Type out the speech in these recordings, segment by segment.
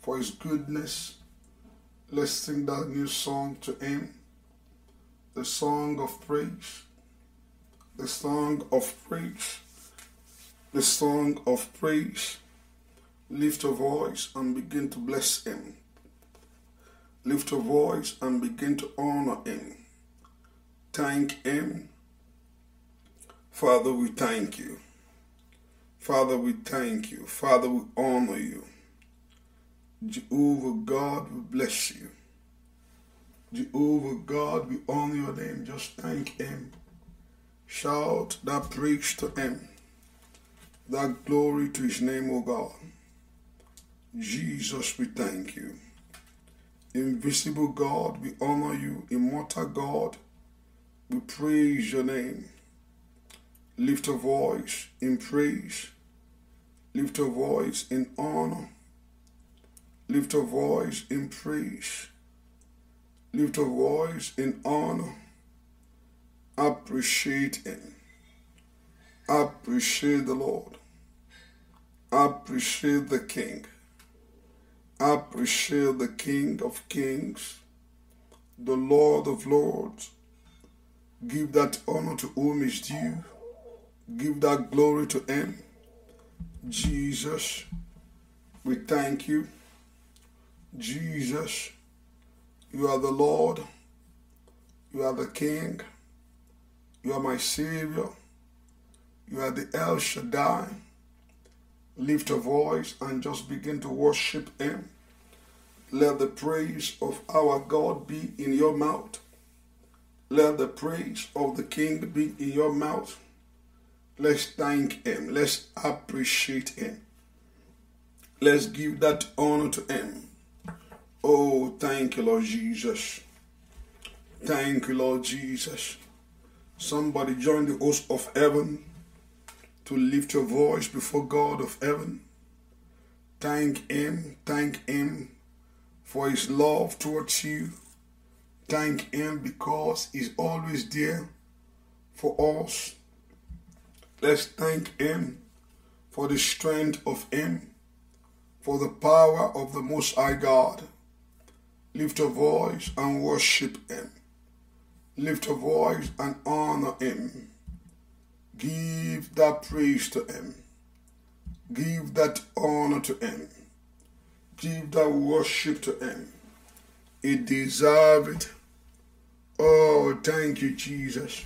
for his goodness. Let's sing that new song to him the song of praise, the song of praise, the song of praise. Lift your voice and begin to bless him. Lift your voice and begin to honor him. Thank him. Father, we thank you. Father, we thank you. Father, we honor you. Jehovah God, we bless you. Jehovah God, we honor your name. Just thank him. Shout that praise to him. That glory to his name, O God. Jesus, we thank you. Invisible God, we honor you. Immortal God, we praise your name. Lift a voice in praise. Lift a voice in honor Lift a voice in praise. Lift a voice in honor. Appreciate Him. Appreciate the Lord. Appreciate the King. Appreciate the King of Kings, the Lord of Lords. Give that honor to whom is due. Give that glory to Him. Jesus, we thank you. Jesus, you are the Lord, you are the King, you are my Savior, you are the El Shaddai. Lift a voice and just begin to worship Him. Let the praise of our God be in your mouth. Let the praise of the King be in your mouth. Let's thank Him. Let's appreciate Him. Let's give that honor to Him. Oh, thank you, Lord Jesus. Thank you, Lord Jesus. Somebody join the host of heaven to lift your voice before God of heaven. Thank Him, thank Him for His love towards you. Thank Him because He's always there for us. Let's thank Him for the strength of Him, for the power of the Most High God. Lift a voice and worship Him. Lift a voice and honor Him. Give that praise to Him. Give that honor to Him. Give that worship to Him. He deserves it. Oh, thank you, Jesus.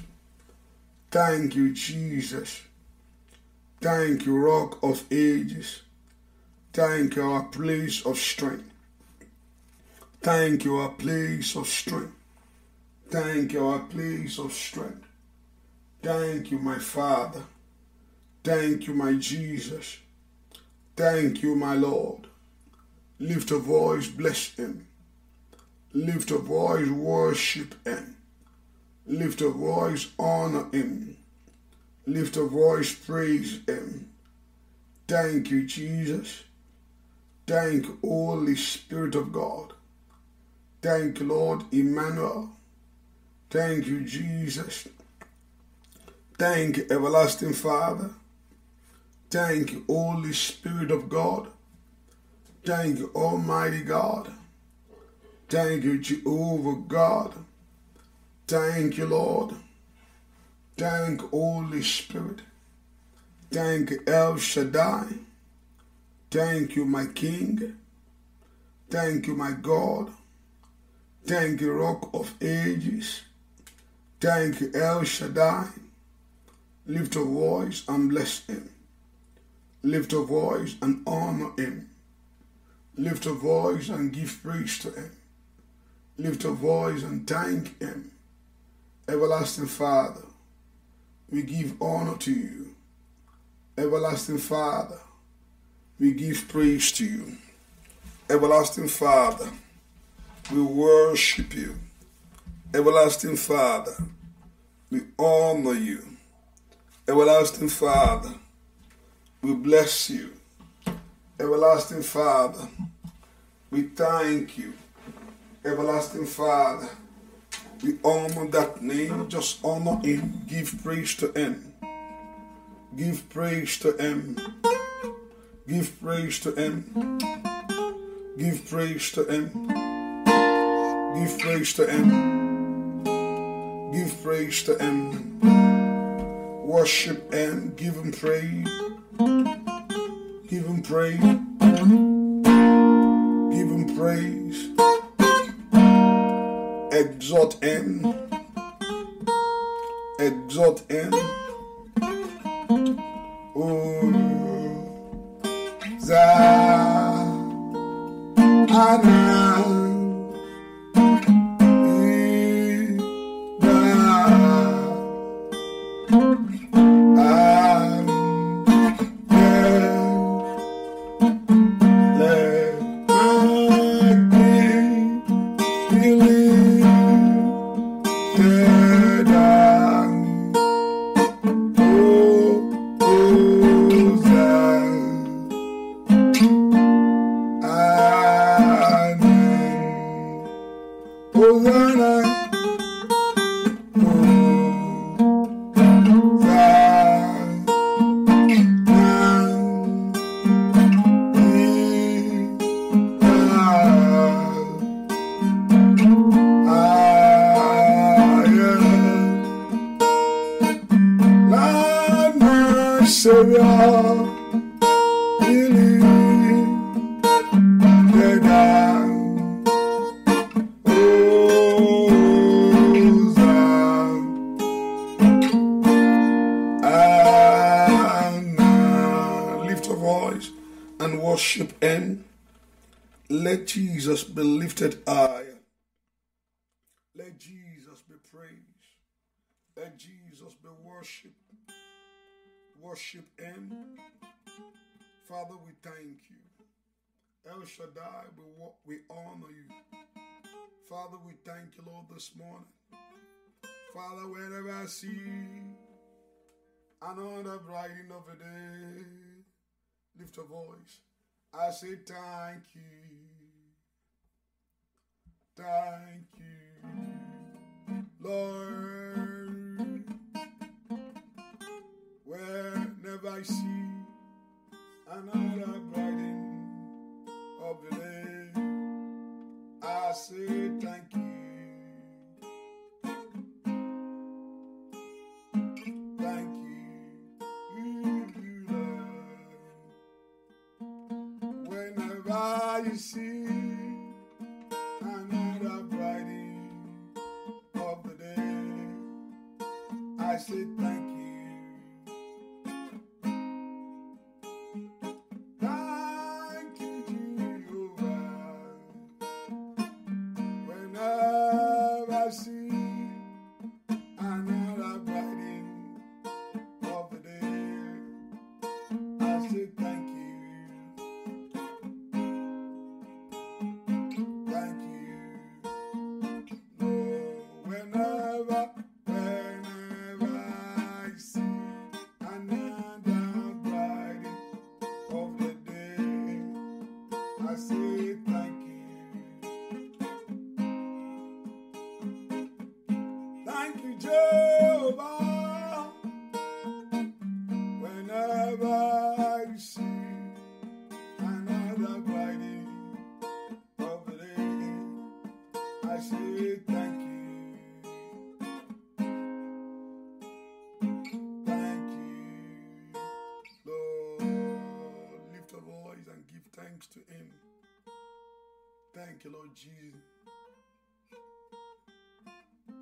Thank you, Jesus. Thank you, Rock of Ages. Thank you, our place of strength. Thank you, our place of strength. Thank you, our place of strength. Thank you, my Father. Thank you, my Jesus. Thank you, my Lord. Lift a voice, bless him. Lift a voice, worship him. Lift a voice, honor him. Lift a voice, praise him. Thank you, Jesus. Thank Holy Spirit of God. Thank you, Lord Emmanuel. Thank you, Jesus. Thank you, everlasting Father. Thank you, Holy Spirit of God. Thank you, Almighty God. Thank you, Jehovah God. Thank you, Lord. Thank Holy Spirit. Thank El Shaddai. Thank you, my King. Thank you, my God. Thank you, Rock of Ages. Thank you, El Shaddai. Lift a voice and bless him. Lift a voice and honor him. Lift a voice and give praise to him. Lift a voice and thank him. Everlasting Father, we give honor to you. Everlasting Father, we give praise to you. Everlasting Father, we worship you. Everlasting Father, we honor you. Everlasting Father, we bless you. Everlasting Father, we thank you. Everlasting Father, we honor that name. Just honor him. Give praise to him. Give praise to him. Give praise to him. Give praise to him. Give praise to Him. Give praise to Him. Worship Him. Give Him praise. Give Him praise. Give Him praise. Exalt Him. Exalt Him. Oh, Zah, be praised. Let Jesus be worshipped. Worship Him. Father, we thank you. El Shaddai, we, we honor you. Father, we thank you, Lord, this morning. Father, wherever I see another brighting of a day, lift a voice. I say, Thank you. Thank you. Lord, whenever I see an Jesus, you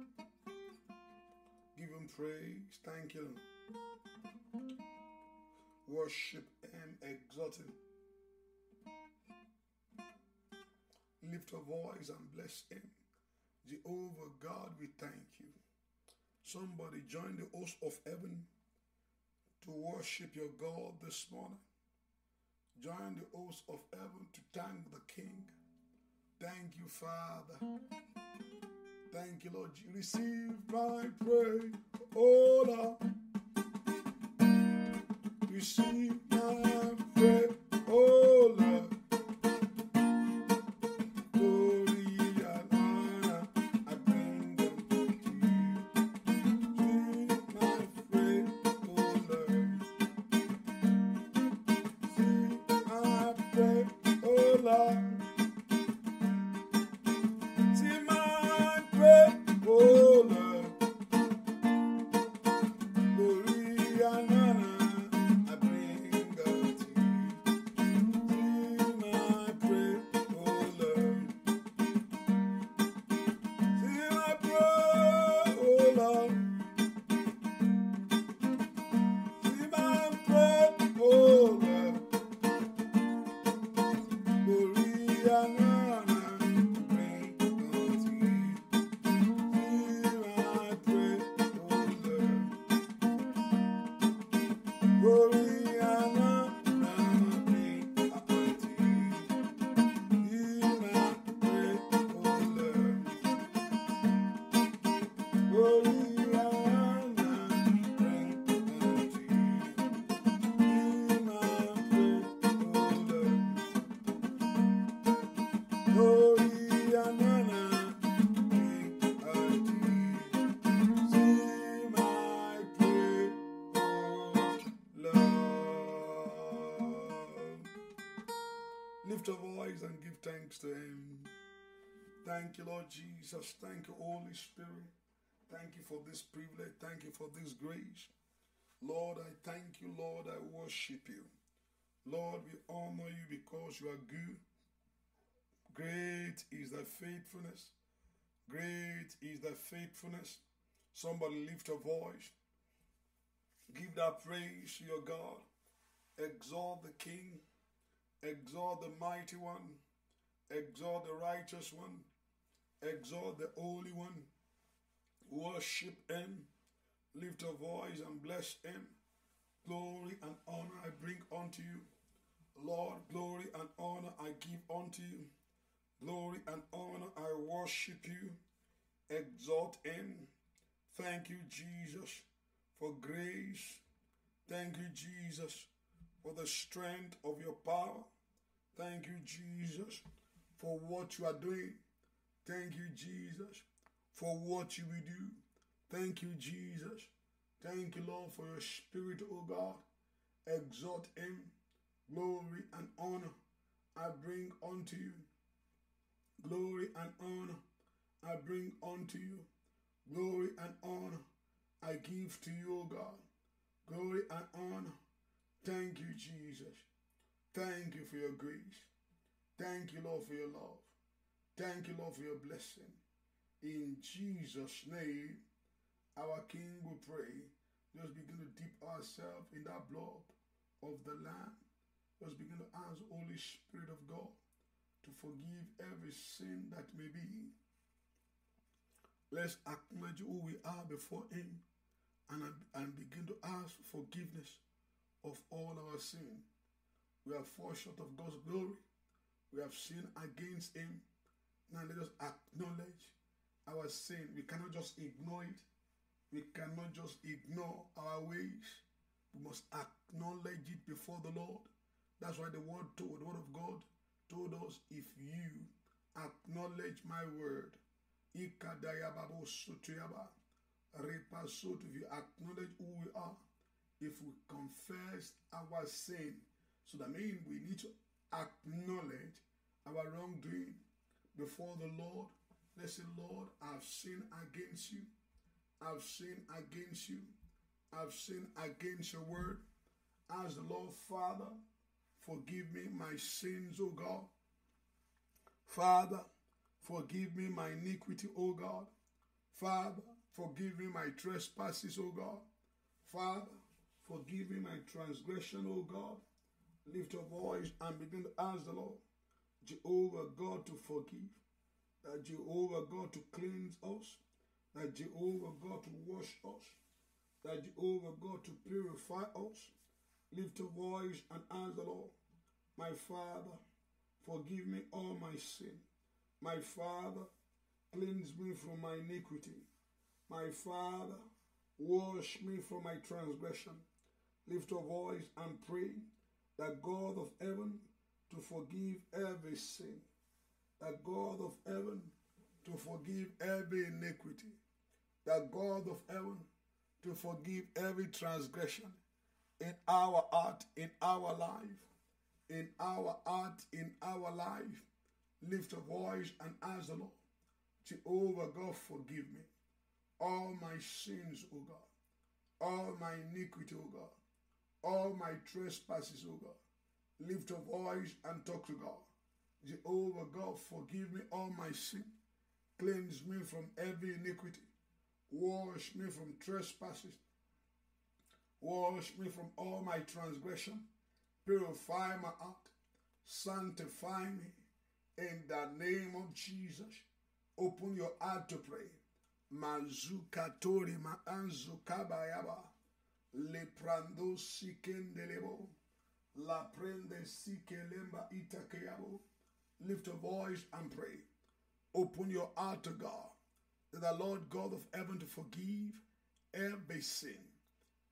give him praise, thank him, worship him, exalt him, lift a voice and bless him. Jehovah God, we thank you. Somebody join the host of heaven to worship your God this morning. Join the host of heaven to thank the King Thank you, Father. Thank you, Lord. You receive my praise, oh Lord. Receive my prayer. Lift our voice and give thanks to Him. Thank you, Lord Jesus. Thank you, Holy Spirit. Thank you for this privilege. Thank you for this grace. Lord, I thank you. Lord, I worship you. Lord, we honor you because you are good. Great is thy faithfulness. Great is thy faithfulness. Somebody lift a voice. Give that praise to your God. Exalt the King exalt the mighty one, exalt the righteous one, exalt the holy one, worship him, lift a voice and bless him. Glory and honor I bring unto you. Lord, glory and honor I give unto you. Glory and honor I worship you, exalt him. Thank you, Jesus, for grace. Thank you, Jesus for the strength of your power. Thank you, Jesus, for what you are doing. Thank you, Jesus, for what you will do. Thank you, Jesus. Thank you, Lord, for your spirit, O God. Exalt him. Glory and honor I bring unto you. Glory and honor I bring unto you. Glory and honor I give to you, O God. Glory and honor Thank you, Jesus. Thank you for your grace. Thank you, Lord, for your love. Thank you, Lord, for your blessing. In Jesus' name, our King will pray. Just begin to dip ourselves in that blood of the Lamb. Let's begin to ask Holy Spirit of God to forgive every sin that may be. Let's acknowledge who we are before Him and, and begin to ask forgiveness of all our sin. We have fallen short of God's glory. We have sinned against Him. Now let us acknowledge our sin. We cannot just ignore it. We cannot just ignore our ways. We must acknowledge it before the Lord. That's why the word told, the word of God told us, if you acknowledge my word, if you acknowledge who we are, if we confess our sin, so that means we need to acknowledge our wrongdoing before the Lord. Let's say, Lord, I've sinned against you. I've sinned against you. I've sinned against your word. As the Lord, Father, forgive me my sins, O God. Father, forgive me my iniquity, O God. Father, forgive me my trespasses, O God. Father, Forgive me my transgression, O God. Lift your voice and begin to ask the Lord, Jehovah God, to forgive, that Jehovah God to cleanse us, that Jehovah God to wash us, that Jehovah God to purify us. Lift your voice and ask the Lord, My Father, forgive me all my sin. My Father, cleanse me from my iniquity. My Father, wash me from my transgression lift your voice and pray that God of heaven to forgive every sin, that God of heaven to forgive every iniquity, that God of heaven to forgive every transgression in our heart, in our life, in our heart, in our life. Lift your voice and ask the Lord, Jehovah God, forgive me all my sins, O God, all my iniquity, O God all my trespasses, O God. Lift a voice and talk to God. Jehovah God, forgive me all my sin. Cleanse me from every iniquity. Wash me from trespasses. Wash me from all my transgression. Purify my heart. Sanctify me. In the name of Jesus, open your heart to pray. Mazukatori ma'anzukabayaba. Le prando sikendelebo. La prende sikelemba itakeabo. Lift your voice and pray. Open your heart to God. The Lord God of heaven to forgive every sin,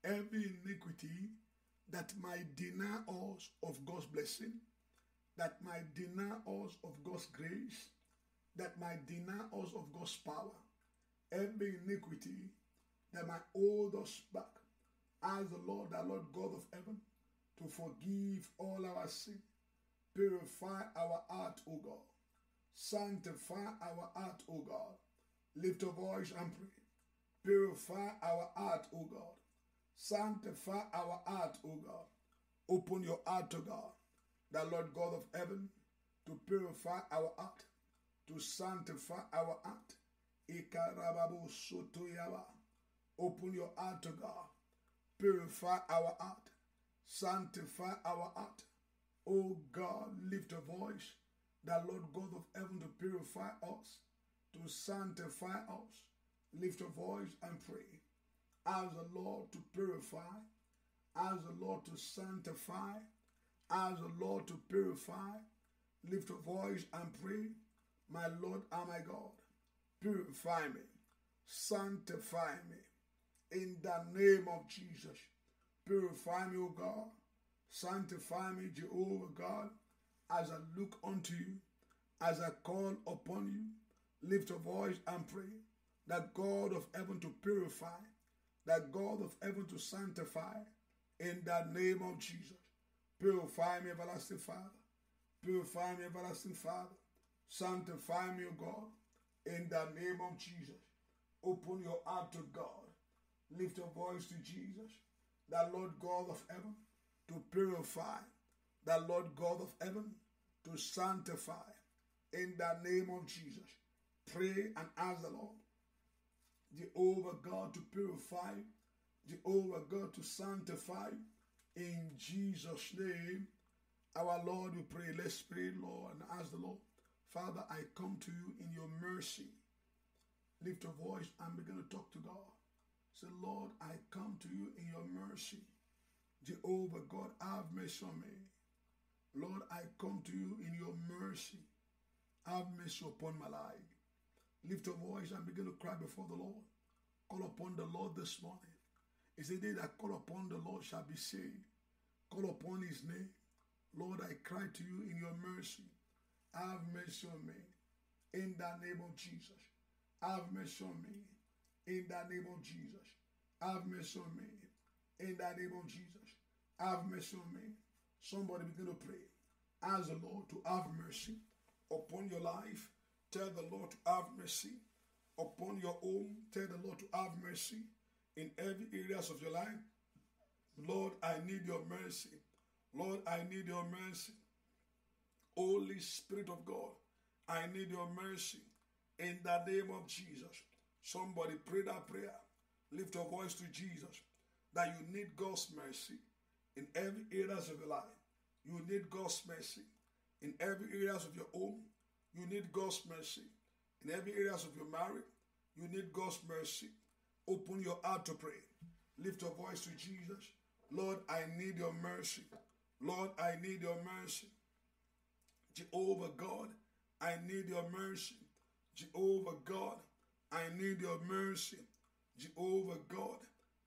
every iniquity that might deny us of God's blessing, that might deny us of God's grace, that might deny us of God's power, every iniquity that might hold us back Ask the Lord, the Lord God of heaven, to forgive all our sin. Purify our heart, O God. Sanctify our heart, O God. Lift a voice and pray. Purify our heart, O God. Sanctify our heart, O God. Open your heart to God, the Lord God of heaven, to purify our heart, to sanctify our heart. Open your heart to God. Purify our heart. Sanctify our heart. O God, lift a voice that Lord God of heaven to purify us, to sanctify us. Lift a voice and pray. Ask the Lord to purify. Ask the Lord to sanctify. Ask the Lord to purify. Lift a voice and pray. My Lord and my God, purify me. Sanctify me in the name of Jesus. Purify me, O God. Sanctify me, Jehovah God, as I look unto you, as I call upon you. Lift your voice and pray that God of heaven to purify, that God of heaven to sanctify, in the name of Jesus. Purify me, everlasting Father. Purify me, everlasting Father. Sanctify me, O God, in the name of Jesus. Open your heart to God lift your voice to Jesus, that Lord God of heaven, to purify, that Lord God of heaven, to sanctify. In the name of Jesus, pray and ask the Lord, Jehovah God, to purify, Jehovah God, to sanctify. In Jesus' name, our Lord, we pray. Let's pray, Lord, and ask the Lord, Father, I come to you in your mercy. Lift your voice and begin to talk to God. Say, Lord, I come to you in your mercy. Jehovah God, have mercy on me. Lord, I come to you in your mercy. Have mercy upon my life. Lift your voice and begin to cry before the Lord. Call upon the Lord this morning. It's a day that call upon the Lord shall be saved. Call upon his name. Lord, I cry to you in your mercy. Have mercy on me. In the name of Jesus. Have mercy on me in the name of Jesus. Have mercy on me. In the name of Jesus. Have mercy on me. Somebody begin to pray. Ask the Lord to have mercy upon your life. Tell the Lord to have mercy upon your home. Tell the Lord to have mercy in every areas of your life. Lord, I need your mercy. Lord, I need your mercy. Holy Spirit of God, I need your mercy in the name of Jesus. Somebody pray that prayer. Lift your voice to Jesus that you need God's mercy in every areas of your life. You need God's mercy in every areas of your home. You need God's mercy in every areas of your marriage. You need God's mercy. Open your heart to pray. Lift your voice to Jesus. Lord, I need your mercy. Lord, I need your mercy. Jehovah God, I need your mercy. Jehovah God, I need your mercy. Jehovah God,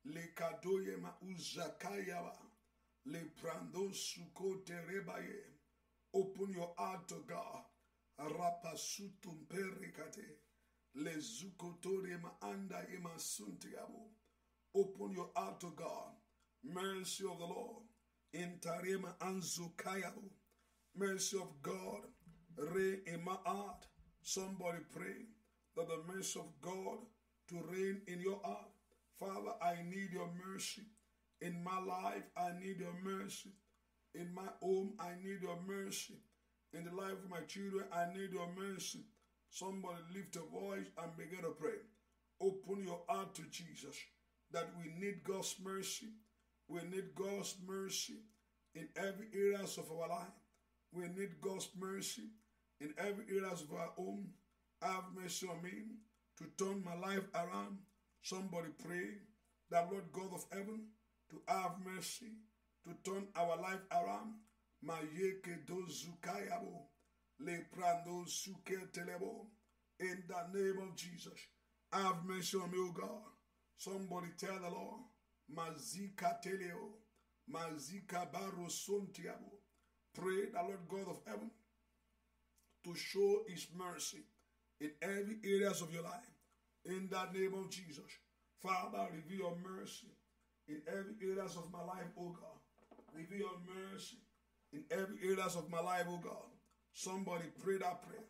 le uzakaya uzakayaba, le prando suko terebaye. Open your heart to God. Rapasutum perikate, le ma anda yema Open your heart to God. Mercy of the Lord. Intarema anzukayabu. Mercy of God. Re in my heart. Somebody pray that the mercy of God to reign in your heart. Father, I need your mercy. In my life, I need your mercy. In my home, I need your mercy. In the life of my children, I need your mercy. Somebody lift a voice and begin to pray. Open your heart to Jesus that we need God's mercy. We need God's mercy in every areas of our life. We need God's mercy in every areas of our home. Have mercy on me to turn my life around. Somebody pray that Lord God of heaven to have mercy to turn our life around. Mayeke dozukayabo le prando suke telebo. In the name of Jesus, have mercy on me, O God. Somebody tell the Lord, Mazika teleo, Mazika baro sontiabo. Pray the Lord God of heaven to show His mercy in every areas of your life. In that name of Jesus. Father, reveal your mercy in every areas of my life, oh God. Reveal your mercy in every areas of my life, oh God. Somebody pray that prayer.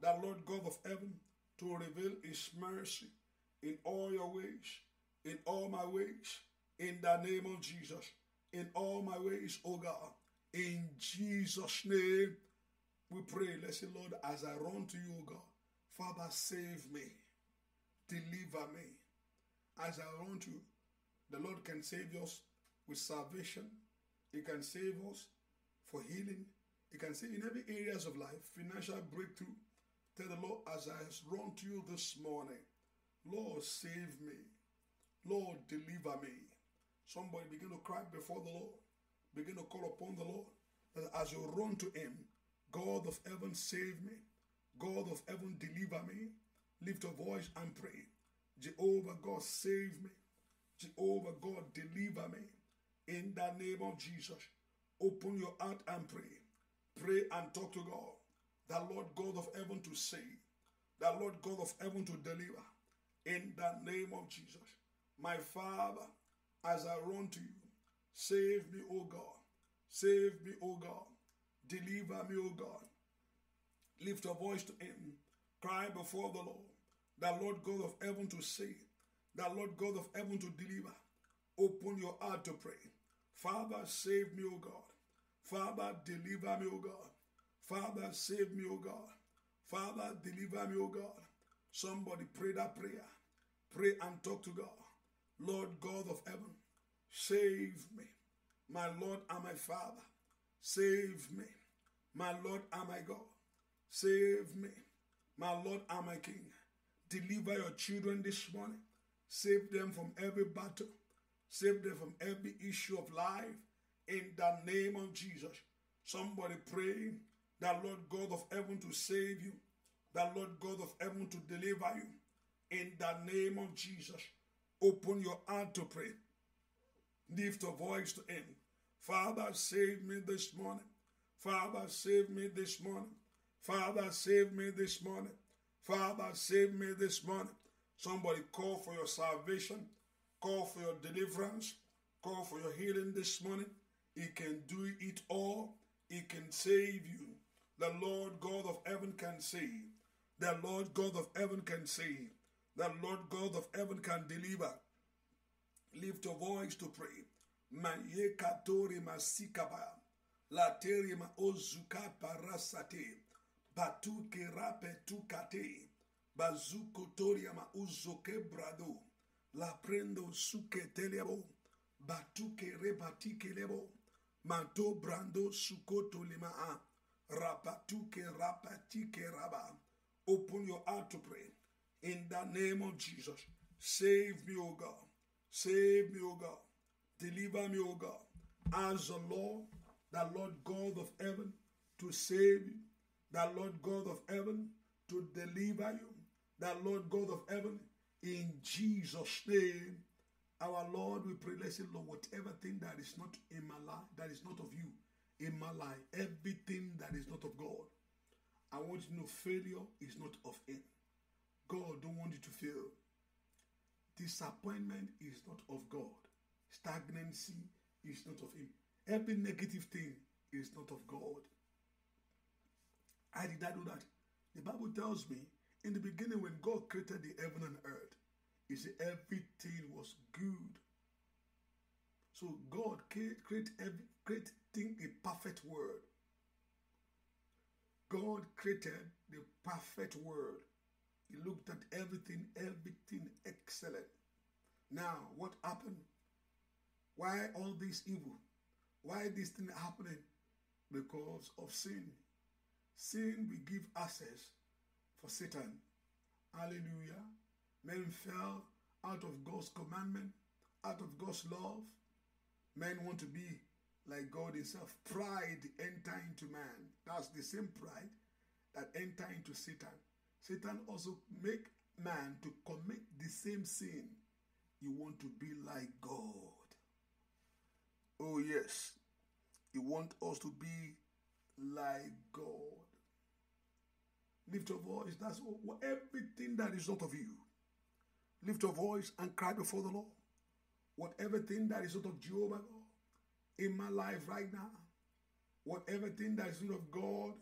That Lord God of heaven to reveal his mercy in all your ways, in all my ways, in the name of Jesus, in all my ways, oh God. In Jesus' name, we pray. Let's say, Lord, as I run to you, oh God, Father, save me, deliver me. As I run to, the Lord can save us with salvation. He can save us for healing. He can save in every areas of life, financial breakthrough. Tell the Lord, as I run to you this morning, Lord, save me. Lord, deliver me. Somebody begin to cry before the Lord. Begin to call upon the Lord. as you run to him, God of heaven, save me. God of heaven, deliver me. Lift your voice and pray. Jehovah God, save me. Jehovah God, deliver me. In the name of Jesus, open your heart and pray. Pray and talk to God, the Lord God of heaven to save, the Lord God of heaven to deliver. In the name of Jesus, my Father, as I run to you, save me, O God. Save me, O God. Deliver me, O God. Lift your voice to Him. Cry before the Lord, the Lord God of heaven to save, the Lord God of heaven to deliver. Open your heart to pray. Father, save me, O God. Father, deliver me, O God. Father, save me, O God. Father, deliver me, O God. Somebody pray that prayer. Pray and talk to God. Lord God of heaven, save me. My Lord and my Father, save me. My Lord and my God, Save me, my Lord and my King. Deliver your children this morning. Save them from every battle. Save them from every issue of life. In the name of Jesus. Somebody pray that Lord God of heaven to save you. That Lord God of heaven to deliver you. In the name of Jesus. Open your heart to pray. Lift your voice to him. Father, save me this morning. Father, save me this morning. Father, save me this morning. Father, save me this morning. Somebody call for your salvation, call for your deliverance, call for your healing this morning. He can do it all, He can save you. The Lord God of heaven can save. The Lord God of heaven can save. The Lord God of heaven can deliver. Lift your voice to pray. masikaba. Laterima Patu kerape tu kate. Bazuko toriama uzo quebrado. La prendo suke telebo. Batuke rebatike lebo. Mato brando sukoto limaa. Rapatuke rapatike raba. Open your heart to pray. In the name of Jesus. Save me, O God. Save me, O God. Deliver me, O God. As the Lord, the Lord God of heaven, to save you that Lord God of heaven to deliver you, that Lord God of heaven, in Jesus' name, our Lord, we pray, let's say, Lord, whatever thing that is not in my life, that is not of you, in my life, everything that is not of God, I want you to know failure is not of Him. God don't want you to fail. Disappointment is not of God. Stagnancy is not of Him. Every negative thing is not of God. How did I do that? The Bible tells me in the beginning when God created the heaven and earth, he said everything was good. So God created create every, a perfect world. God created the perfect world. He looked at everything, everything excellent. Now, what happened? Why all this evil? Why this thing happening? Because of sin. Sin will give access for Satan. Hallelujah. Men fell out of God's commandment, out of God's love. Men want to be like God Himself. Pride enter into man. That's the same pride that enter into Satan. Satan also make man to commit the same sin. You want to be like God. Oh yes, you want us to be like God. Lift your voice. That's everything that is not of you. Lift your voice and cry before the Lord. Whatever thing that is not of Jehovah God in my life right now, whatever thing that is not of God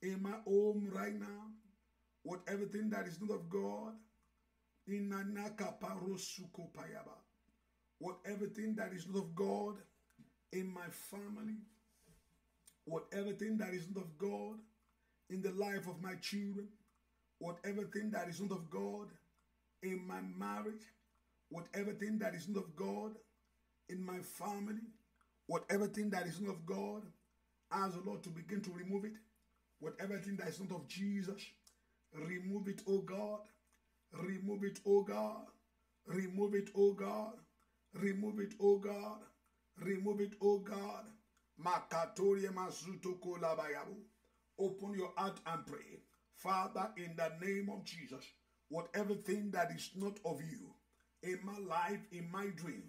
in my home right now, whatever thing that is not of God in whatever thing that is not of God in my family, whatever thing that is not of God in the life of my children, whatever thing that is not of God, in my marriage, whatever thing that is not of God, in my family, whatever thing that is not of God, ask the Lord to begin to remove it. Whatever thing that is not of Jesus, remove it, O God. Remove it, O God. Remove it, O God. Remove it, O God. Remove it, O God. Makatoria masuto kolabayabu. Open your heart and pray. Father, in the name of Jesus, whatever thing that is not of you, in my life, in my dream,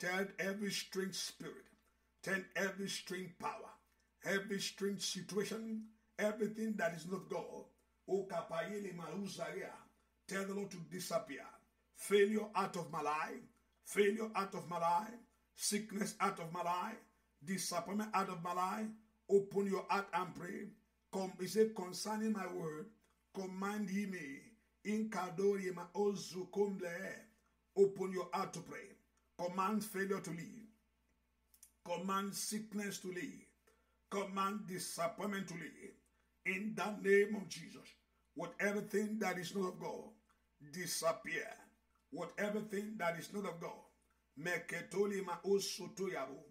turn every strange spirit, turn every strange power, every strange situation, everything that is not God. O kapayele mauzaria, tell the Lord to disappear. Failure out of my life, failure out of my life, sickness out of my life, disappointment out of my life. Open your heart and pray he said, concerning my word, command ye me. In kadori ma ozukumble. Open your heart to pray. Command failure to leave. Command sickness to leave. Command disappointment to leave. In the name of Jesus, whatever thing that is not of God, disappear. Whatever thing that is not of God, meketoli ma osoto yabo,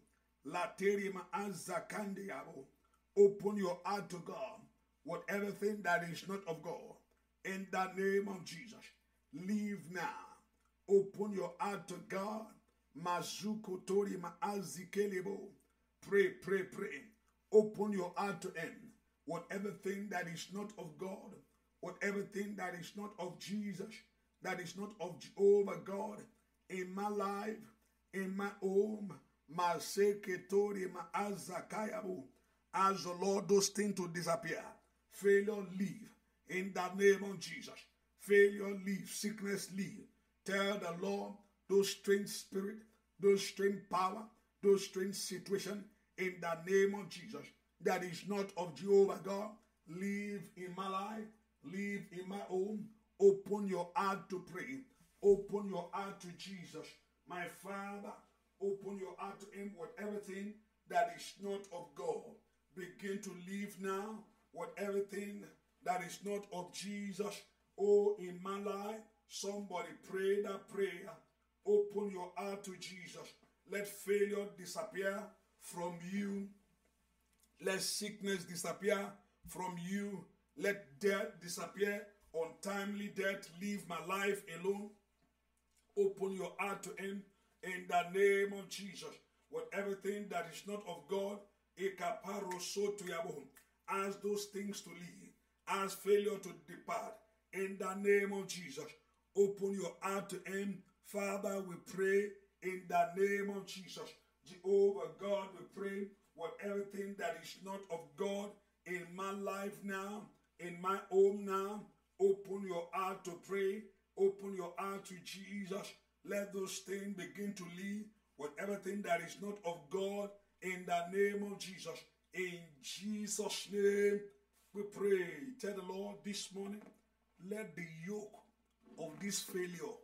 lateri ma azakande yabo, Open your heart to God Whatever everything that is not of God. In the name of Jesus, leave now. Open your heart to God. maazikelebo. Pray, pray, pray. Open your heart to Him. Whatever everything that is not of God, whatever everything that is not of Jesus, that is not of Jehovah God, in my life, in my home, maaseketori maazakayabu. Ask the Lord those things to disappear. Failure, leave. In the name of Jesus. Failure, leave. Sickness, leave. Tell the Lord those strange spirit, those strange power, those strange situation in the name of Jesus that is not of Jehovah God. Live in my life, live in my home. Open your heart to pray. Open your heart to Jesus. My Father, open your heart to Him with everything that is not of God. Begin to leave now with everything that is not of Jesus. Oh, in my life, somebody pray that prayer. Open your heart to Jesus. Let failure disappear from you. Let sickness disappear from you. Let death disappear. Untimely death, leave my life alone. Open your heart to Him in the name of Jesus. With everything that is not of God, Ask those things to leave. Ask failure to depart. In the name of Jesus, open your heart to Him. Father, we pray in the name of Jesus. Jehovah God, we pray for everything that is not of God in my life now, in my home now. Open your heart to pray. Open your heart to Jesus. Let those things begin to leave. Whatever thing that is not of God in the name of Jesus. In Jesus' name, we pray. Tell the Lord this morning, let the yoke of this failure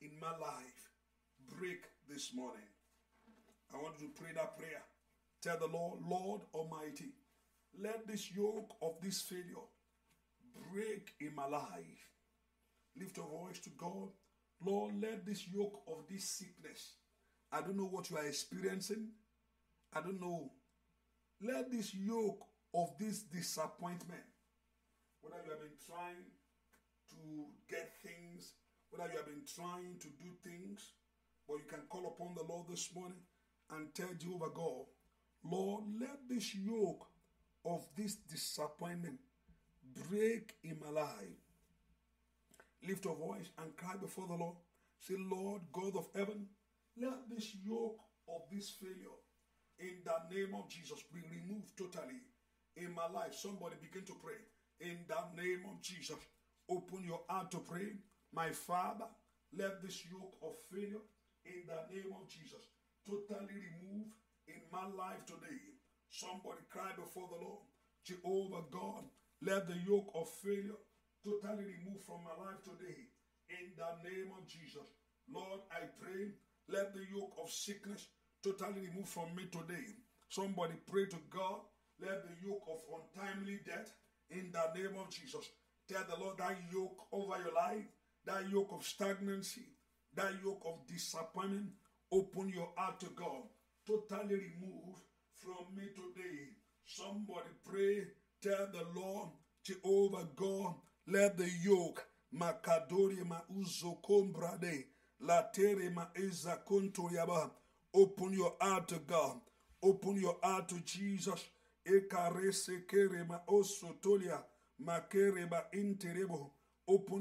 in my life break this morning. I want you to pray that prayer. Tell the Lord, Lord Almighty, let this yoke of this failure break in my life. Lift your voice to God. Lord, let this yoke of this sickness, I don't know what you are experiencing, I don't know. Let this yoke of this disappointment, whether you have been trying to get things, whether you have been trying to do things, but you can call upon the Lord this morning and tell Jehovah God, Lord, let this yoke of this disappointment break in my life. Lift your voice and cry before the Lord. Say, Lord, God of heaven, let this yoke of this failure in the name of Jesus, be removed totally in my life. Somebody begin to pray. In the name of Jesus, open your heart to pray. My Father, let this yoke of failure, in the name of Jesus, totally removed in my life today. Somebody cry before the Lord. Jehovah God, let the yoke of failure totally removed from my life today. In the name of Jesus. Lord, I pray, let the yoke of sickness totally removed from me today. Somebody pray to God, let the yoke of untimely death in the name of Jesus. Tell the Lord that yoke over your life, that yoke of stagnancy, that yoke of disappointment. Open your heart to God. Totally removed from me today. Somebody pray, tell the Lord, Jehovah God, let the yoke, Makadori ma uzokombrade, latere ma ezakontoriaba, Open your heart to God. Open your heart to Jesus. Open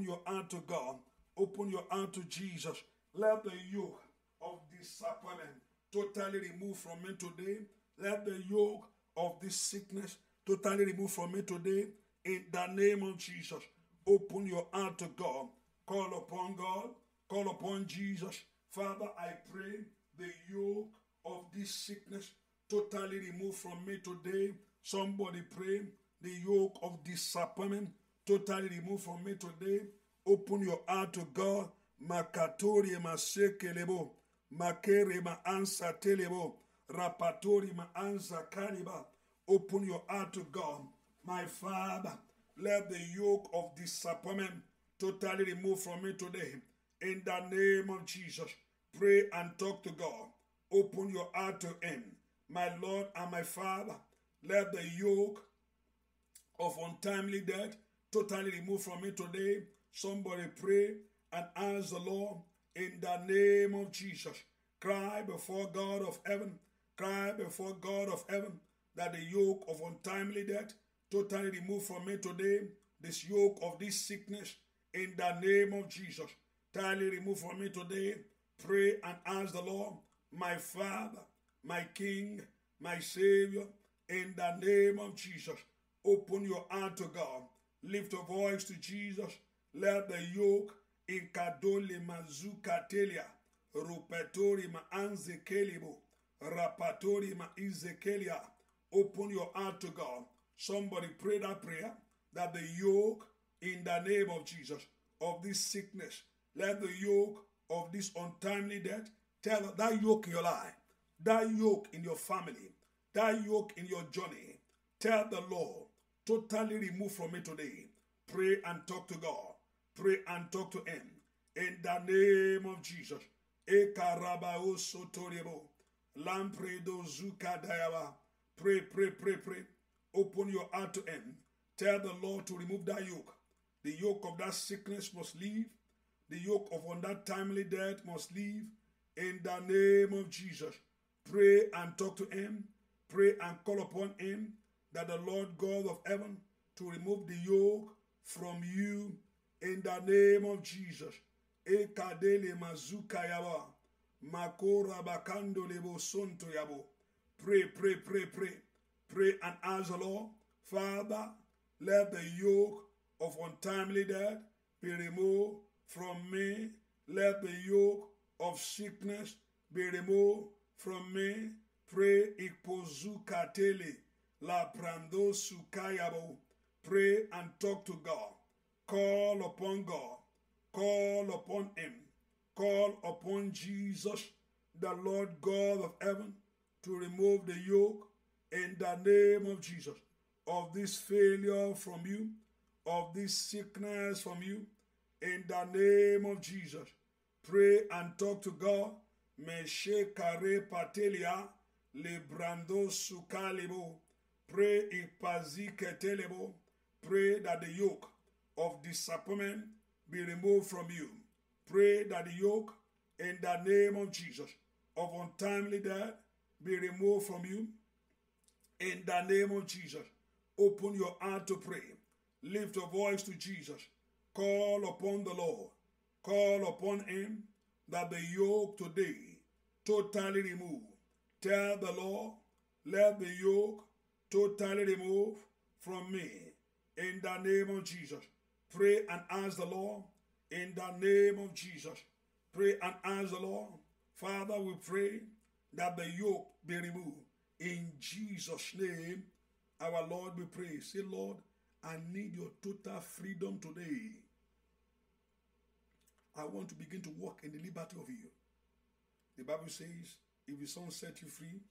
your heart to God. Open your heart to Jesus. Let the yoke of disappointment totally remove from me today. Let the yoke of this sickness totally remove from me today. In the name of Jesus, open your heart to God. Call upon God. Call upon Jesus. Father, I pray the yoke of this sickness totally removed from me today. Somebody pray. The yoke of disappointment totally removed from me today. Open your heart to God. Makatori ma sekelebo. Makere ma ansa telebo. Rapatori ma ansa kaliba. Open your heart to God. My Father, let the yoke of disappointment totally removed from me today. In the name of Jesus. Pray and talk to God. Open your heart to Him. My Lord and my Father, let the yoke of untimely death totally removed from me today. Somebody pray and ask the Lord in the name of Jesus. Cry before God of heaven. Cry before God of heaven that the yoke of untimely death totally removed from me today. This yoke of this sickness in the name of Jesus. Totally removed from me today Pray and ask the Lord, my Father, my King, my Savior, in the name of Jesus. Open your heart to God. Lift your voice to Jesus. Let the yoke in kadole mazuka telia. Rupetori ma Rapatori ma Open your heart to God. Somebody pray that prayer that the yoke in the name of Jesus of this sickness, let the yoke of this untimely death, tell that yoke in your life, that yoke in your family, that yoke in your journey, tell the Lord, totally remove from me today. Pray and talk to God. Pray and talk to Him. In the name of Jesus. Pray, pray, pray, pray. Open your heart to Him. Tell the Lord to remove that yoke. The yoke of that sickness must leave. The yoke of untimely death must leave in the name of Jesus. Pray and talk to Him. Pray and call upon Him that the Lord God of heaven to remove the yoke from you in the name of Jesus. mazuka yaba. Makora yabo. Pray, pray, pray, pray. Pray and ask the Lord, Father, let the yoke of untimely death be removed from me. Let the yoke of sickness be removed from me. Pray ikpozukatele la prando sukayabo. Pray and talk to God. Call upon God. Call upon Him. Call upon Jesus, the Lord God of heaven, to remove the yoke in the name of Jesus of this failure from you, of this sickness from you, in the name of Jesus, pray and talk to God. Meshe kare patelia lebrando sukalebo. Pray ipazi ketelebo. Pray that the yoke of disappointment be removed from you. Pray that the yoke in the name of Jesus of untimely death be removed from you. In the name of Jesus, open your heart to pray. Lift your voice to Jesus. Call upon the Lord. Call upon him that the yoke today totally remove. Tell the Lord, let the yoke totally remove from me. In the name of Jesus. Pray and ask the Lord. In the name of Jesus. Pray and ask the Lord. Father, we pray that the yoke be removed. In Jesus' name, our Lord, we pray. Say, Lord, I need your total freedom today. I want to begin to walk in the liberty of you. The Bible says, if the Son set you free,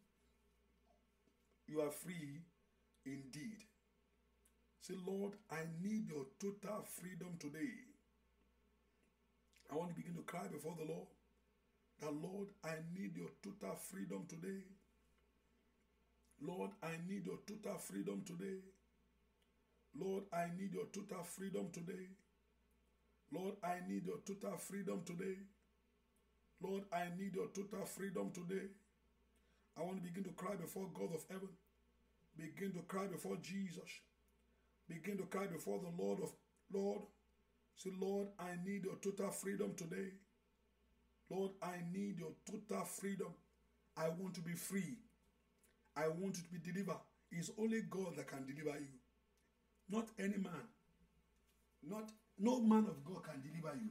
you are free indeed. Say, Lord, I need your total freedom today. I want to begin to cry before the Lord that, Lord, I need your total freedom today. Lord, I need your total freedom today. Lord, I need your total freedom today. Lord, I need your total freedom today. Lord, I need your total freedom today. I want to begin to cry before God of heaven. Begin to cry before Jesus. Begin to cry before the Lord of Lord. Say, Lord, I need your total freedom today. Lord, I need your total freedom. I want to be free. I want you to be delivered. It's only God that can deliver you, not any man, not no man of God can deliver you.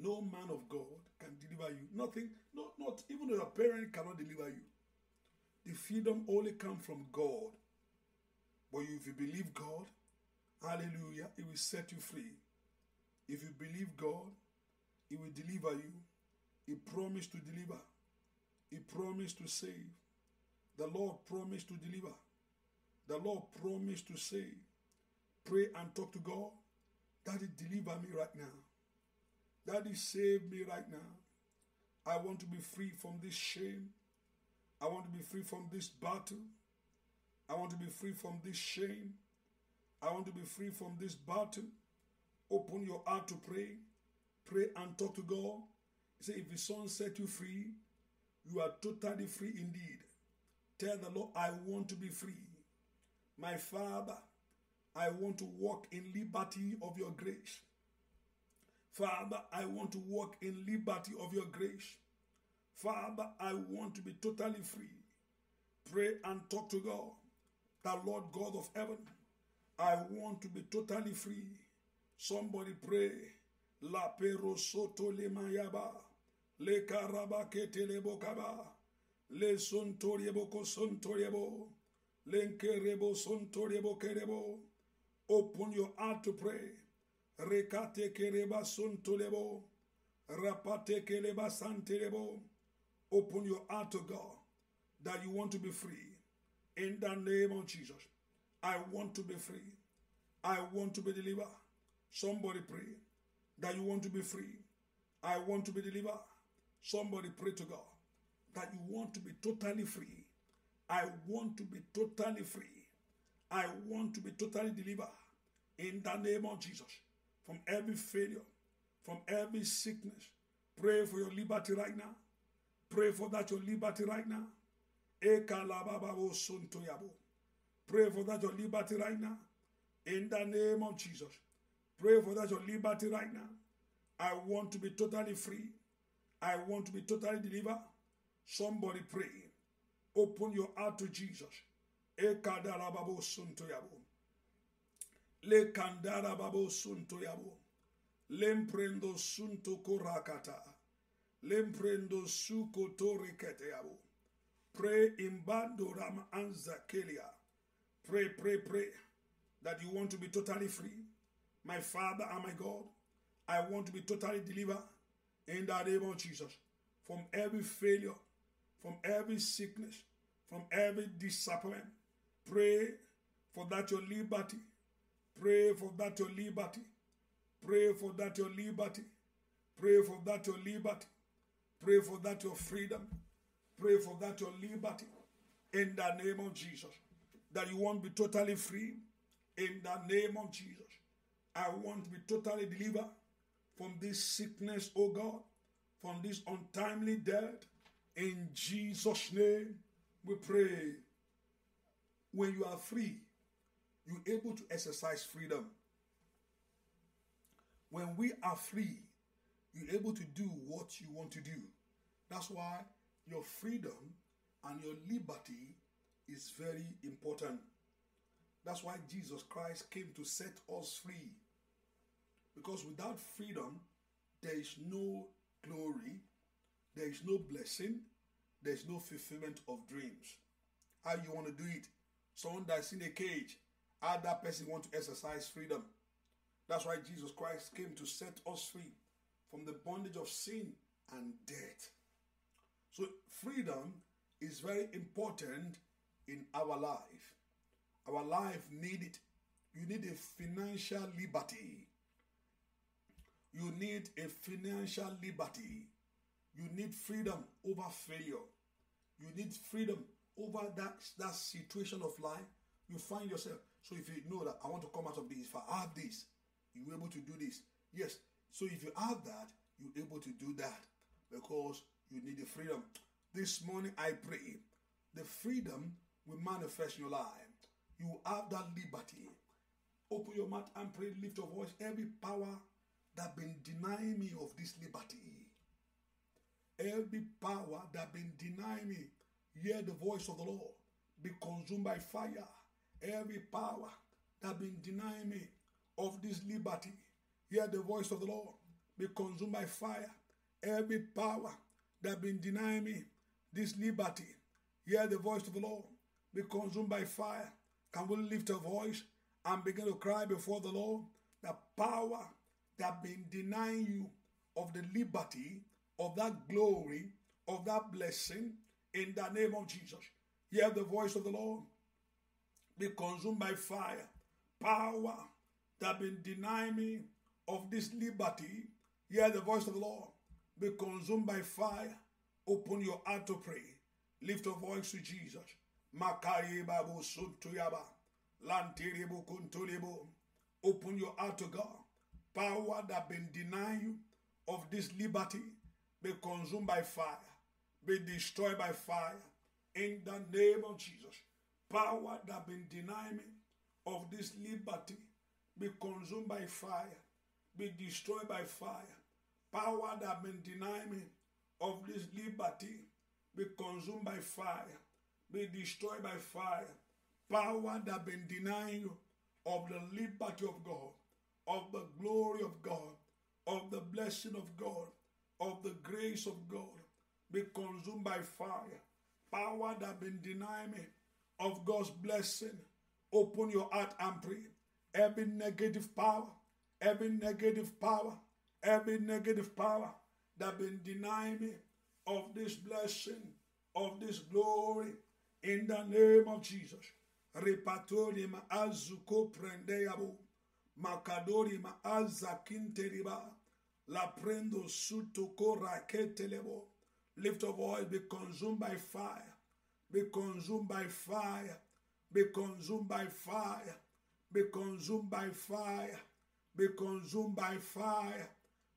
No man of God can deliver you. Nothing, not, not even your parent cannot deliver you. The freedom only comes from God. But if you believe God, hallelujah, He will set you free. If you believe God, He will deliver you. He promised to deliver. He promised to save. The Lord promised to deliver. The Lord promised to save pray and talk to God. Daddy, deliver me right now. Daddy, save me right now. I want to be free from this shame. I want to be free from this battle. I want to be free from this shame. I want to be free from this battle. Open your heart to pray. Pray and talk to God. Say, if his son set you free, you are totally free indeed. Tell the Lord, I want to be free. My Father, I want to walk in liberty of your grace. Father, I want to walk in liberty of your grace. Father, I want to be totally free. Pray and talk to God, the Lord God of heaven. I want to be totally free. Somebody pray. La pero soto le mayaba. Le karaba kete le bokaba. Le sontoriebo kosontoriebo. Lenkerebo sontoriebo kerebo. kerebo. Open your heart to pray. Rekate kereba suntulebo. Rapate kereba santelebo. Open your heart to God that you want to be free. In the name of Jesus. I want to be free. I want to be delivered. Somebody pray that you want to be free. I want to be delivered. Somebody pray to God that you want to be totally free. I want to be totally free. I want to be totally delivered in the name of Jesus from every failure, from every sickness. Pray for your liberty right now. Pray for that your liberty right now. Pray for that your liberty right now. In the name of Jesus. Pray for that your liberty right now. I want to be totally free. I want to be totally delivered. Somebody pray. Open your heart to Jesus. Le kandara babo sunto yabo. Lemprendo sunto korakata. Lemprendo suko torikete yabo. Pray in ram anza kelia. Pray, pray, pray that you want to be totally free. My Father and my God, I want to be totally delivered in the name of Jesus from every failure, from every sickness, from every disappointment. Pray for that your liberty Pray for that your liberty. Pray for that your liberty. Pray for that your liberty. Pray for that your freedom. Pray for that your liberty. In the name of Jesus. That you won't be totally free. In the name of Jesus. I want to be totally delivered from this sickness, O oh God, from this untimely death. In Jesus' name, we pray. When you are free, you're able to exercise freedom. When we are free, you're able to do what you want to do. That's why your freedom and your liberty is very important. That's why Jesus Christ came to set us free. Because without freedom, there is no glory, there is no blessing, there is no fulfillment of dreams. How you want to do it? Someone that's in a cage, other that person want to exercise freedom. That's why Jesus Christ came to set us free from the bondage of sin and death. So freedom is very important in our life. Our life need it. You need a financial liberty. You need a financial liberty. You need freedom over failure. You need freedom over that, that situation of life you find yourself. So if you know that I want to come out of this, if I have this, you're able to do this. Yes. So if you have that, you're able to do that because you need the freedom. This morning I pray the freedom will manifest in your life. You have that liberty. Open your mouth and pray, lift your voice. Every power that been denying me of this liberty. Every power that been denying me, hear the voice of the Lord. Be consumed by fire. Every power that been denying me of this liberty, hear the voice of the Lord, be consumed by fire. Every power that been denying me this liberty, hear the voice of the Lord, be consumed by fire. Can we lift a voice and begin to cry before the Lord? The power that been denying you of the liberty, of that glory, of that blessing, in the name of Jesus. Hear the voice of the Lord be consumed by fire. Power that been denying me of this liberty, hear the voice of the Lord. Be consumed by fire. Open your heart to pray. Lift your voice to Jesus. Makaribabu suntuyaba. Lantiribu Open your heart to God. Power that been denying you of this liberty be consumed by fire, be destroyed by fire. In the name of Jesus. Power that been denying me of this liberty be consumed by fire, be destroyed by fire. Power that been denying me of this liberty be consumed by fire, be destroyed by fire. Power that been denying you of the liberty of God, of the glory of God, of the blessing of God, of the grace of God, be consumed by fire. Power that been denying me of God's blessing. Open your heart and pray. Every negative power, every negative power, every negative power that been denying me of this blessing, of this glory, in the name of Jesus. Repatorim azuko prendeyabo, makadorim azakinteriba, la prendo sutuko raketelebo. Lift up all be consumed by fire. be consumed by fire, be consumed by fire, be consumed by fire, be consumed by fire,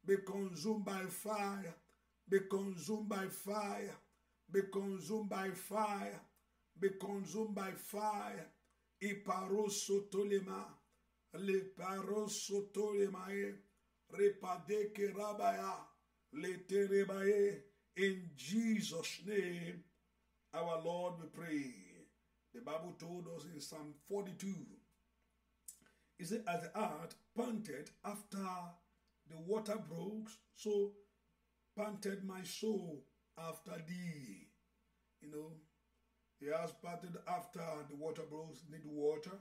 be consumed by fire, be consumed by fire, be consumed by fire, be consumed by fire. Iparoso tolema, le paroso tolemae, repadeke rabaya, le terebae. In Jesus' name. Our Lord, we pray. The Bible told us in Psalm 42, it said, As the earth panted after the water broke, so panted my soul after thee. You know, the earth panted after the water broke, need water.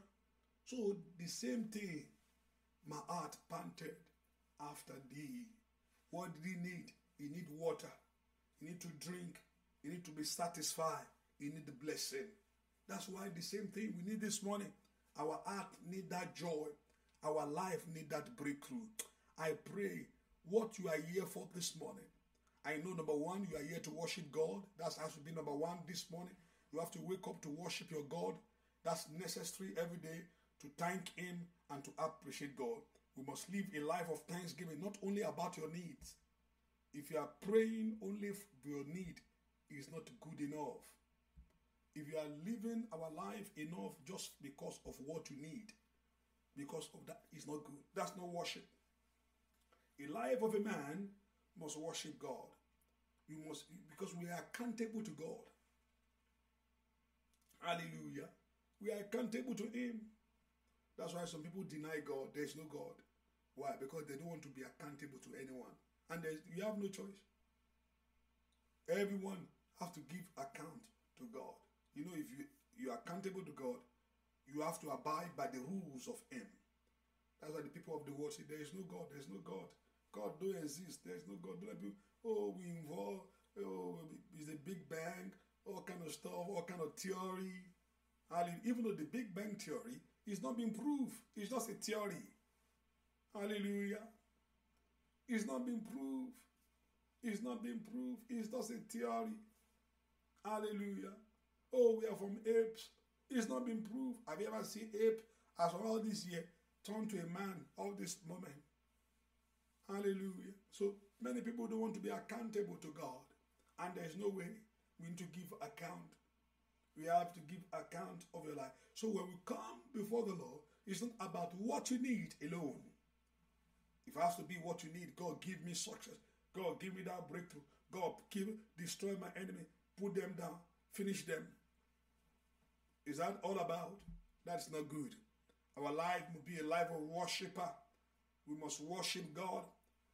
So the same thing, my heart panted after thee. What did he need? He need water. He need to drink. You need to be satisfied. You need the blessing. That's why the same thing we need this morning. Our heart need that joy. Our life need that breakthrough. I pray what you are here for this morning. I know number one, you are here to worship God. That has to be number one this morning. You have to wake up to worship your God. That's necessary every day to thank Him and to appreciate God. We must live a life of thanksgiving, not only about your needs. If you are praying only for your need, is not good enough. If you are living our life enough just because of what you need, because of that is not good. That's not worship. A life of a man must worship God. You must because we are accountable to God. Hallelujah. We are accountable to Him. That's why some people deny God. There's no God. Why? Because they don't want to be accountable to anyone. And you have no choice. Everyone have to give account to God. You know, if you, you are accountable to God, you have to abide by the rules of Him. That's why the people of the world say, There is no God, there is no God. God don't exist, there is no God. Don't let people, oh, we involve, oh, it's the Big Bang, all kind of stuff, all kind of theory. Hallelujah. Even though the Big Bang theory is not being proved, it's just a theory. Hallelujah. It's not being proved. It's not being proved. It's just a theory. Hallelujah. Oh, we are from apes. It's not been proved. Have you ever seen ape as all this year turn to a man all this moment? Hallelujah. So many people don't want to be accountable to God. And there's no way we need to give account. We have to give account of your life. So when we come before the Lord, it's not about what you need alone. If it has to be what you need, God, give me success. God, give me that breakthrough. God, give, destroy my enemy put them down, finish them. Is that all about? That's not good. Our life must be a life of worshiper. We must worship God.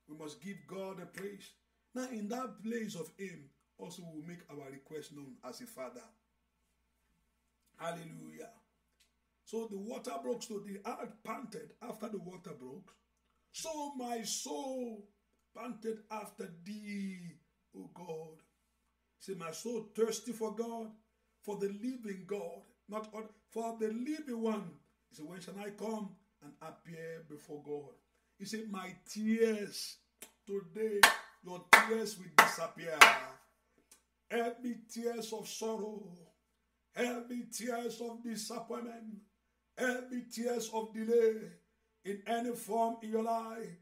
We must give God a praise. Now, in that place of Him, also will make our request known as a Father. Hallelujah. So the water broke, so the heart panted after the water broke. So my soul panted after thee, O God. See, my soul thirsty for God, for the living God, not for the living one. He said, When shall I come and appear before God? He said, My tears today, your tears will disappear. Every tears of sorrow, every tears of disappointment, every tears of delay in any form in your life.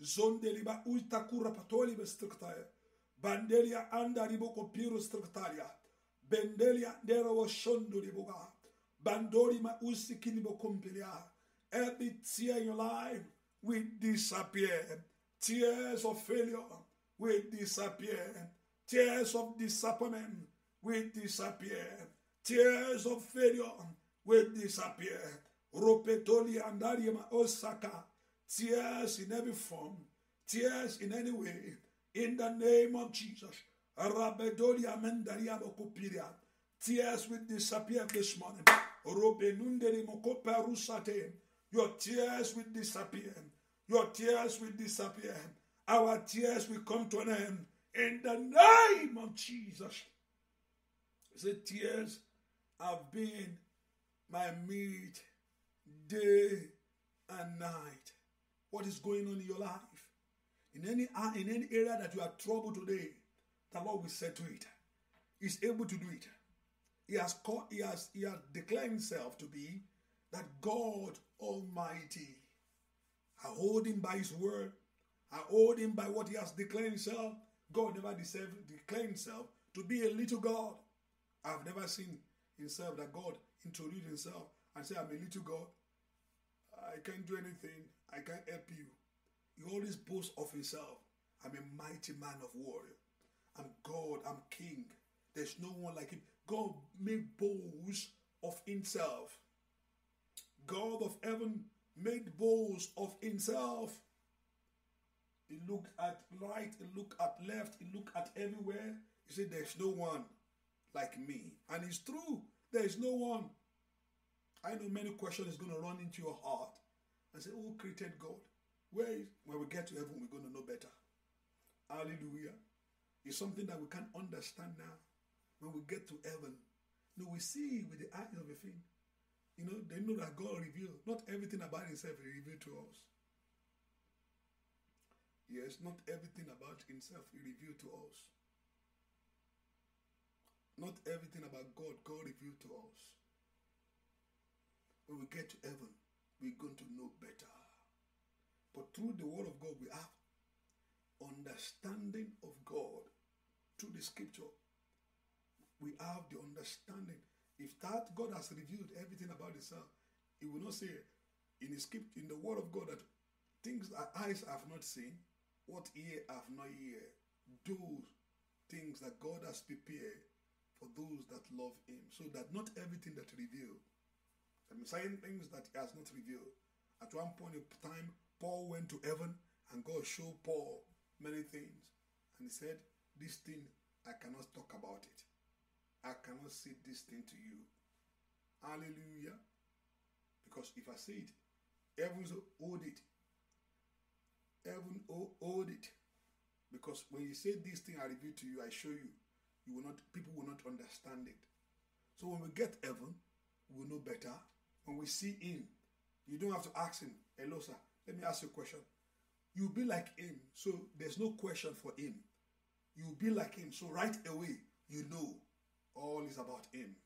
zondeliba ulta kurra patolibe striktaye bandelia andaribo ko piru striktalia bendelia derowo shondoliboga bandolima usikinibo kompilia every tear in your life will disappear tears of failure will disappear tears of disappointment will disappear tears of failure will disappear ropetoli andarima osaka tears in every form, tears in any way, in the name of Jesus. Tears will disappear this morning. Your tears will disappear. Your tears will disappear. Our tears will come to an end in the name of Jesus. The tears have been my meat day and night what is going on in your life. In any, uh, in any area that you are troubled today, the Lord will to it. He's able to do it. He has, called, he has, he has declared himself to be that God Almighty. I hold him by his word. I hold him by what he has declared himself. God never declared himself to be a little God. I've never seen himself that God introduced himself and said, I'm a little God. I can't do anything. I can't help you. He always boasts of himself. I'm a mighty man of war. I'm God. I'm king. There's no one like him. God made bows of himself. God of heaven made bows of himself. He looked at right, he looked at left, he looked at everywhere. He said, There's no one like me. And it's true, there is no one. I know many questions is going to run into your heart and say, Who created God? Where is, when we get to heaven, we're going to know better. Hallelujah. It's something that we can't understand now. When we get to heaven, no, we see with the eyes of a thing. You know, they know that God revealed. Not everything about Himself He revealed to us. Yes, not everything about Himself He revealed to us. Not everything about God, God revealed to us. When we get to heaven, we're going to know better. But through the Word of God, we have understanding of God through the Scripture. We have the understanding. If that God has revealed everything about Himself, He will not say in the script, in the Word of God, that things that eyes have not seen, what ear have not heard, do things that God has prepared for those that love Him, so that not everything that revealed I'm saying things that he has not revealed. At one point in time, Paul went to heaven and God showed Paul many things. And he said, This thing, I cannot talk about it. I cannot say this thing to you. Hallelujah. Because if I say it, heavens hold it. Heaven hold it. Because when you say this thing I reveal to you, I show you, you will not people will not understand it. So when we get heaven, we will know better when we see him, you don't have to ask him, hello sir, let me ask you a question. You'll be like him, so there's no question for him. You'll be like him, so right away, you know all is about him.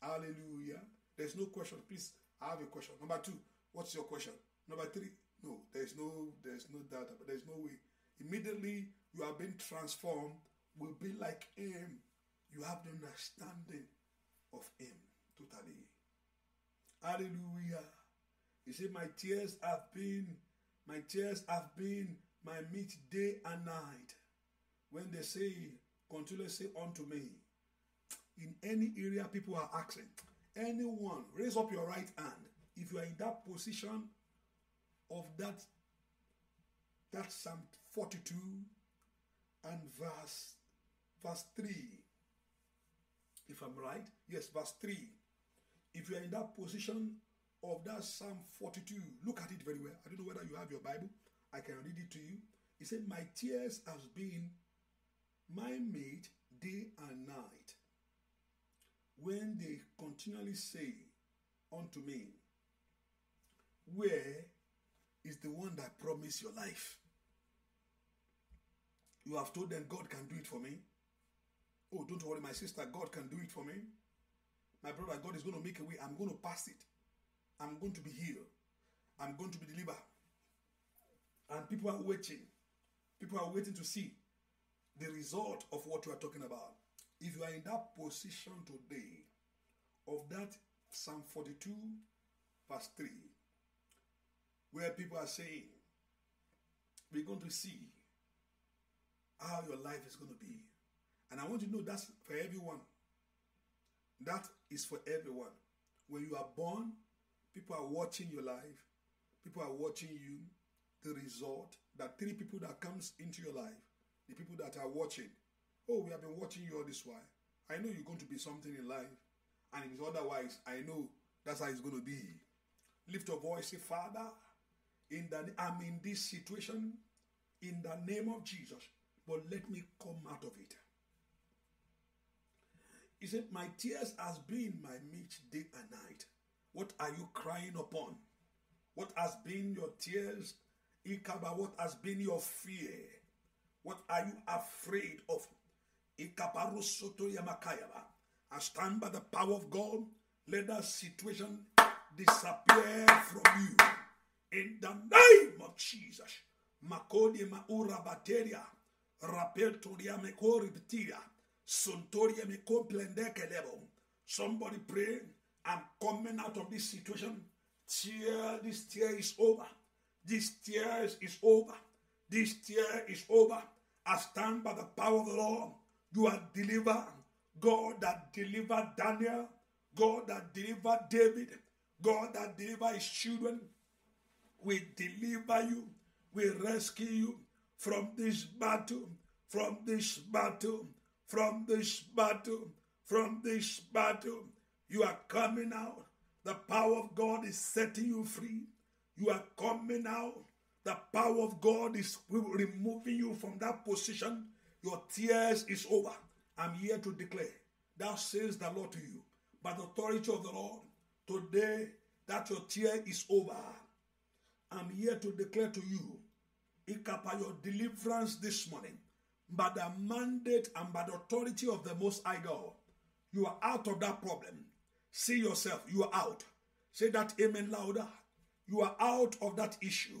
Hallelujah. There's no question. Please, I have a question. Number two, what's your question? Number three, no, there's no, there's no doubt, but there's no way. Immediately you are being transformed, will be like him. You have the understanding of him totally. Hallelujah. He said, My tears have been, my tears have been my meat day and night. When they say, continually say unto me, in any area people are asking, anyone, raise up your right hand. If you are in that position of that, that Psalm 42 and verse, verse 3. If I'm right, yes, verse 3. If you are in that position of that Psalm 42, look at it very well. I don't know whether you have your Bible. I can read it to you. He said, My tears have been my mate day and night when they continually say unto me, Where is the one that promised your life? You have told them God can do it for me. Oh, don't worry, my sister, God can do it for me. My brother, God is going to make a way. I'm going to pass it. I'm going to be healed. I'm going to be delivered. And people are waiting. People are waiting to see the result of what you are talking about. If you are in that position today, of that Psalm 42, verse 3, where people are saying, We're going to see how your life is going to be. And I want you to know that's for everyone. That is for everyone. When you are born, people are watching your life. People are watching you. The result, that three people that comes into your life, the people that are watching, oh, we have been watching you all this while. I know you're going to be something in life. And if otherwise, I know that's how it's going to be. Lift your voice, say, Father, in the, I'm in this situation in the name of Jesus, but let me come out of it. He said, My tears has been my meat day and night. What are you crying upon? What has been your tears, Ikaba? What has been your fear? What are you afraid of? soto Yamakayaba. I stand by the power of God. Let that situation disappear from you. In the name of Jesus. Makodi maura bateria. Rapel toria mekori btiria. Somebody pray, I'm coming out of this situation. Tear, this tear is over. This tear is over. This tear is over. I stand by the power of the Lord. You are delivered. God that delivered Daniel. God that delivered David. God that delivered his children. We deliver you. We rescue you from this battle. From this battle from this battle, from this battle, you are coming out. The power of God is setting you free. You are coming out. The power of God is removing you from that position. Your tears is over. I'm here to declare. That says the Lord to you. By the authority of the Lord, today that your tear is over. I'm here to declare to you, Ikapa, your deliverance this morning by the mandate and by the authority of the Most High God. You are out of that problem. See yourself, you are out. Say that amen louder. You are out of that issue.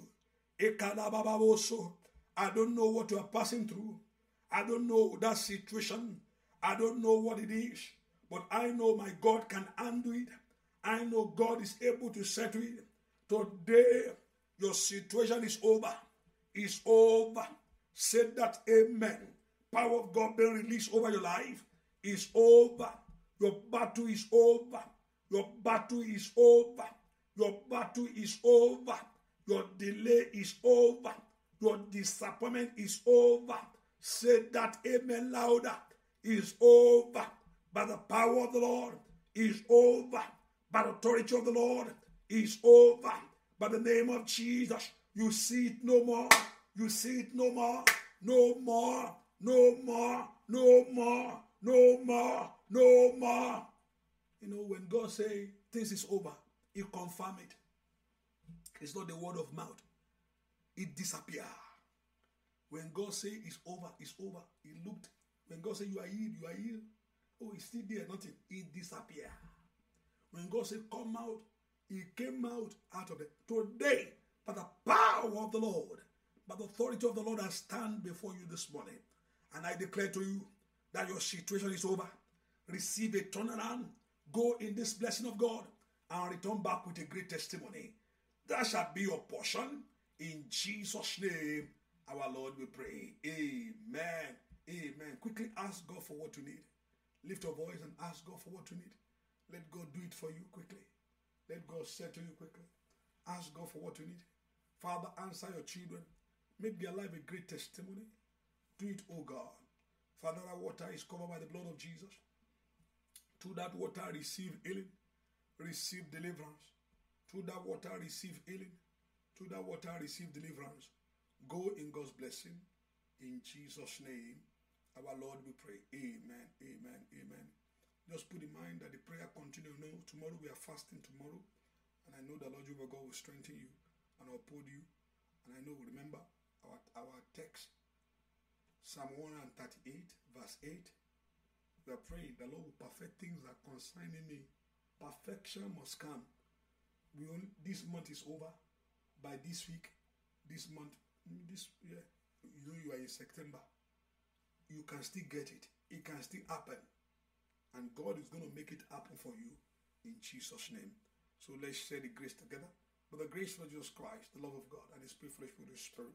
I don't know what you are passing through. I don't know that situation. I don't know what it is. But I know my God can undo it. I know God is able to settle it. Today, your situation is over. It's over. Say that amen. Power of God being released over your life is over. Your battle is over. Your battle is over. Your battle is over. Your delay is over. Your disappointment is over. Say that amen louder. Is over. By the power of the Lord. Is over. By the authority of the Lord. Is over. By the name of Jesus. You see it no more. You see it no more, no more, no more, no more, no more, no more. You know, when God say things is over, he confirm it. It's not the word of mouth. It disappear. When God say it's over, it's over. He looked. When God say you are healed, you are healed. Oh, it's still there, nothing. It disappear. When God say come out, he came out out of it. Today, by the power of the Lord, but the authority of the Lord has stand before you this morning. And I declare to you that your situation is over. Receive a turnaround. Go in this blessing of God and return back with a great testimony. That shall be your portion. In Jesus' name, our Lord, we pray. Amen. Amen. Quickly ask God for what you need. Lift your voice and ask God for what you need. Let God do it for you quickly. Let God say to you quickly. Ask God for what you need. Father, answer your children. Make their life a great testimony. Do it, O God. for another water is covered by the blood of Jesus. To that water, receive healing, receive deliverance. To that water, receive healing. To that water, receive deliverance. Go in God's blessing. In Jesus' name, our Lord, we pray. Amen, amen, amen. Just put in mind that the prayer continue. No, tomorrow we are fasting tomorrow. And I know the Lord Jehovah God will strengthen you and uphold you. And I know, remember, our, our text, Psalm 138, verse 8. We are praying the Lord will perfect things that concerning me. Perfection must come. We only, this month is over. By this week, this month, this year, you know you are in September. You can still get it. It can still happen. And God is going to make it happen for you in Jesus' name. So let's share the grace together. But the grace of Jesus Christ, the love of God, and His privilege with the Spirit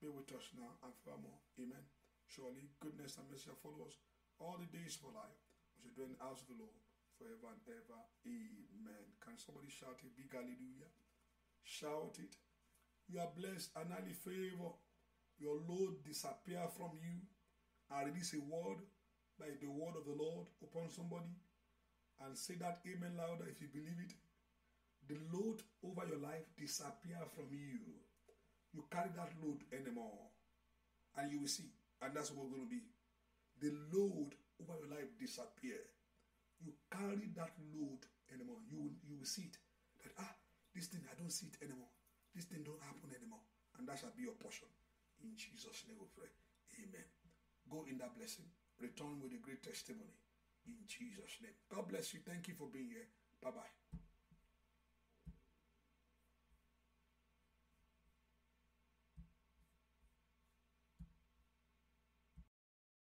be with us now and forevermore. Amen. Surely goodness and mercy shall follow us all the days of our life. We shall dwell in the house of the Lord forever and ever. Amen. Can somebody shout a big hallelujah? Shout it. You are blessed and highly favored. Your load disappear from you. I release a word by the word of the Lord upon somebody and say that amen louder if you believe it. The load over your life disappear from you. you carry that load anymore. And you will see. And that's what we're going to be. The load over your life disappear. You carry that load anymore. You will, you will see it. That, ah, this thing, I don't see it anymore. This thing don't happen anymore. And that shall be your portion. In Jesus' name we pray. Amen. Go in that blessing. Return with a great testimony. In Jesus' name. God bless you. Thank you for being here. Bye-bye.